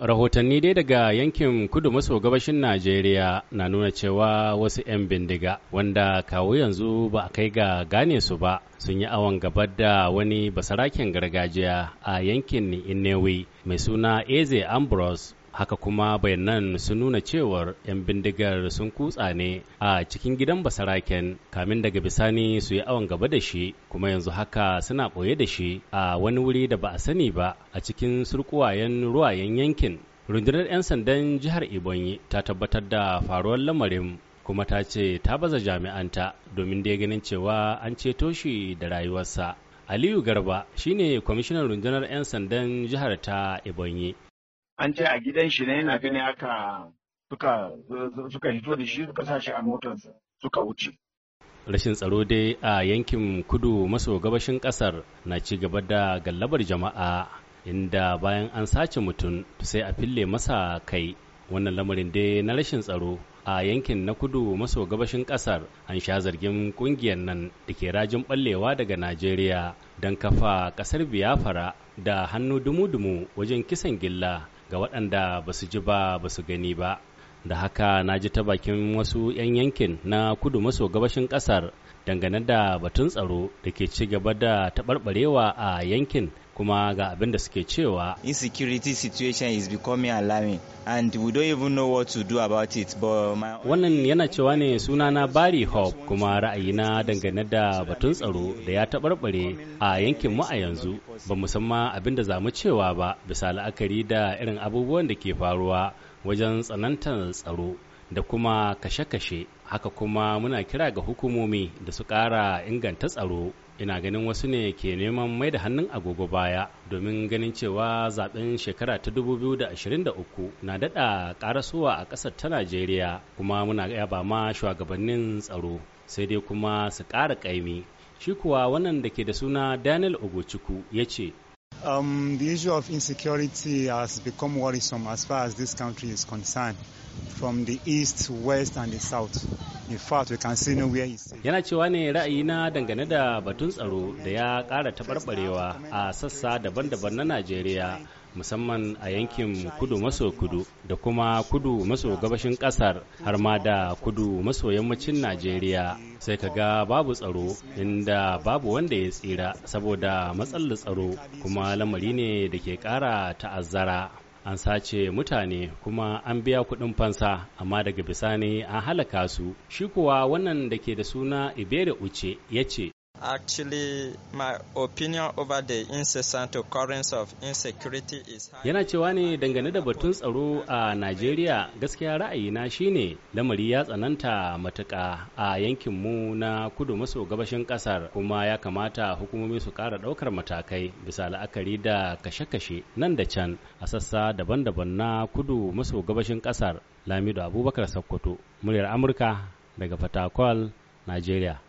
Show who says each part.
Speaker 1: rahotanni dai daga yankin kudu maso gabashin najeriya na nuna cewa wasu 'yan bindiga wanda kawo yanzu ba a kai ga gane su ba sun yi awon gabar da wani basarakin gargajiya a yankin innewi mai suna eze ambrose haka kuma bayanan sun nuna cewar 'yan bindigar sun kutsa ne a cikin gidan basaraken kamin daga bisani su yi awon gaba da shi kuma yanzu haka suna ɓoye da shi a wani wuri da ba a sani ba a cikin surkuwayen ruwayen yankin rundunar 'yan sandan jihar ibonyi ta tabbatar da faruwar lamarin kuma ta ce ta baza jami'anta domin da ganin cewa an ceto shi da rayuwarsa aliyu garba shine kwamishinan rundunar 'yan sandan jihar ta ibonyi an ce a gidan shi ne yana gani aka suka suka hito da shi suka sashi a motarsa suka wuce rashin tsaro dai a yankin kudu maso gabashin kasar na ci gaba da gallabar jama'a inda bayan an sace mutum sai a fille masa kai wannan lamarin dai na rashin tsaro a yankin na kudu maso gabashin kasar an sha zargin kungiyar nan da ke rajin ballewa daga najeriya don kafa kasar biyafara da hannu dumu-dumu wajen kisan gilla ga waɗanda ba su ji ba ba su gani ba da haka na ji ta bakin wasu 'yan yankin na kudu maso gabashin kasar dangane da batun tsaro da ke ci gaba da taɓarɓarewa a yankin kuma ga abin da suke cewa insecurity situation is becoming alarming and we don't even know what to do about it wannan yana cewa ne na Barry Hope kuma ra'ayina dangane da batun tsaro da ya tabarbare a yankin mu a yanzu ba musamman abin da za mu cewa ba bisa la'akari da irin abubuwan da ke faruwa wajen tsanantar tsaro da kuma kashe-kashe haka kuma muna kira ga hukumomi da su ƙara inganta tsaro ina ganin wasu ne ke neman mai da hannun agogo baya domin ganin cewa zaben shekara ta 2023 na daɗa karasuwa a ƙasar ta najeriya kuma muna yaba ma shugabannin tsaro sai dai kuma su ƙara ƙaimi shi kuwa wannan da ke da suna daniel ogochuku ya ce Um, the issue of insecurity has become worrisome as far as this country is concerned. from the east, west and the south. In fact, we can see nowhere Yana cewa ne ra'ayina dangane da batun tsaro da ya ƙara taɓarɓarewa a sassa daban-daban na Najeriya. musamman a yankin kudu maso kudu da kuma kudu maso gabashin kasar har ma da kudu maso yammacin najeriya sai ka ga babu tsaro inda babu wanda ya tsira saboda matsalar tsaro kuma lamari ne da ke kara ta'azzara an sace mutane kuma an biya kuɗin fansa amma daga bisani an halaka su shi kuwa wannan da ke da suna ibere uce ya ce opinion over the of is Yana cewa ne dangane da batun tsaro a Najeriya gaskiya ra'ayina shine lamari ya tsananta matuka a yankinmu na kudu maso gabashin ƙasar kuma ya kamata hukumomi su ƙara ɗaukar matakai bisa la'akari da kashe-kashe nan da can a sassa daban-daban na kudu maso gabashin ƙasar Lamido Abubakar Sokoto, muryar Amurka daga Fatakwal, Najeriya.